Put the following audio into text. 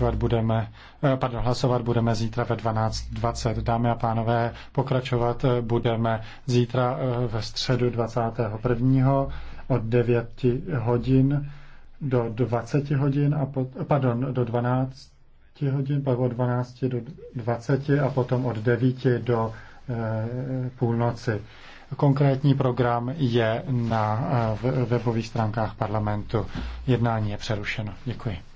pokračovat budeme, eh, pardon, hlasovat budeme zítra ve 12.20. Dámy a pánové, pokračovat eh, budeme zítra eh, ve středu 21. od 9 hodin do 20 hodin a pot, pardon, do 12 hodin, pak od 12 do 20 a potom od 9 do e, půlnoci. Konkrétní program je na webových stránkách parlamentu. Jednání je přerušeno. Děkuji.